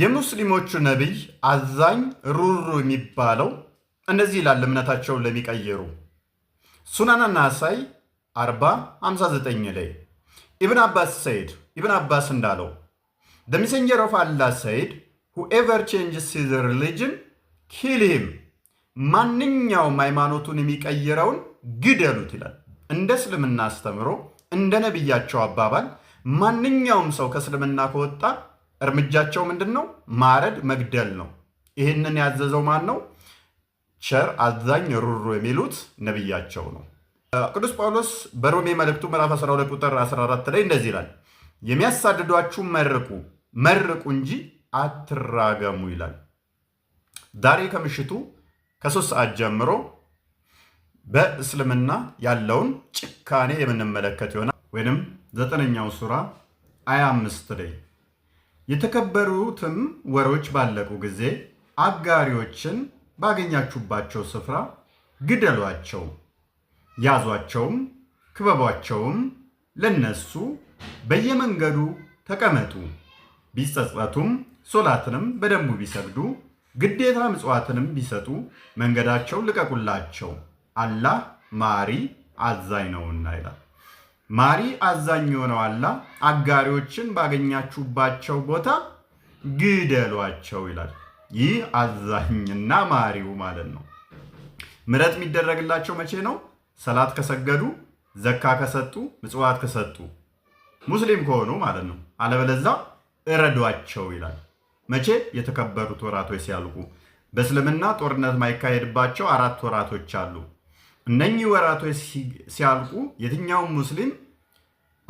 የሙስሊሞቹ ነቢይ አዛኝ ሩሩ የሚባለው እንደዚህ ይላል። እምነታቸውን ለሚቀይሩ ሱናና ናሳይ 459 ላይ ኢብን አባስ ሰይድ ኢብን አባስ እንዳለው ደ ኦፍ አላ ሰይድ ሁኤቨር ቼንጅስ ሂዝ ሪሊጅን ኪልሂም፣ ማንኛውም ሃይማኖቱን የሚቀይረውን ግደሉት ይላል። እንደ እስልምና አስተምሮ እንደ ነቢያቸው አባባል ማንኛውም ሰው ከእስልምና ከወጣ እርምጃቸው ምንድን ነው? ማረድ መግደል ነው። ይህንን ያዘዘው ማን ነው? ቸር አዛኝ ሩሩ የሚሉት ነቢያቸው ነው። ቅዱስ ጳውሎስ በሮሜ መልእክቱ ምዕራፍ 12 ቁጥር 14 ላይ እንደዚህ ይላል፣ የሚያሳድዷችሁ መርቁ መርቁ እንጂ አትራገሙ ይላል። ዛሬ ከምሽቱ ከሶስት ሰዓት ጀምሮ በእስልምና ያለውን ጭካኔ የምንመለከት ይሆናል። ወይንም ዘጠነኛው ሱራ አያ አምስት ላይ የተከበሩትም ወሮች ባለቁ ጊዜ አጋሪዎችን ባገኛችሁባቸው ስፍራ ግደሏቸው፣ ያዟቸውም፣ ክበቧቸውም፣ ለነሱ በየመንገዱ ተቀመጡ። ቢጸጸቱም ሶላትንም በደንቡ ቢሰግዱ ግዴታ ምጽዋትንም ቢሰጡ መንገዳቸው ልቀቁላቸው፣ አላህ ማሪ አዛኝ ነውና ይላል። ማሪ አዛኝ የሆነው አላ አጋሪዎችን ባገኛችሁባቸው ቦታ ግደሏቸው ይላል። ይህ አዛኝና ማሪው ማለት ነው። ምረት የሚደረግላቸው መቼ ነው? ሰላት ከሰገዱ፣ ዘካ ከሰጡ፣ ምጽዋት ከሰጡ፣ ሙስሊም ከሆኑ ማለት ነው። አለበለዛ እረዷቸው ይላል። መቼ? የተከበሩት ወራቶች ሲያልቁ። በእስልምና ጦርነት ማይካሄድባቸው አራት ወራቶች አሉ። እነኚህ ወራቶች ሲያልቁ የትኛውም ሙስሊም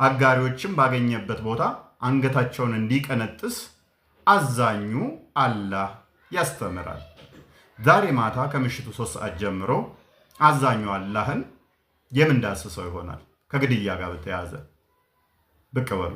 አጋሪዎችን ባገኘበት ቦታ አንገታቸውን እንዲቀነጥስ አዛኙ አላህ ያስተምራል። ዛሬ ማታ ከምሽቱ ሶስት ሰዓት ጀምሮ አዛኙ አላህን የምንዳስሰው ይሆናል ከግድያ ጋር በተያያዘ ብቅ በሉ።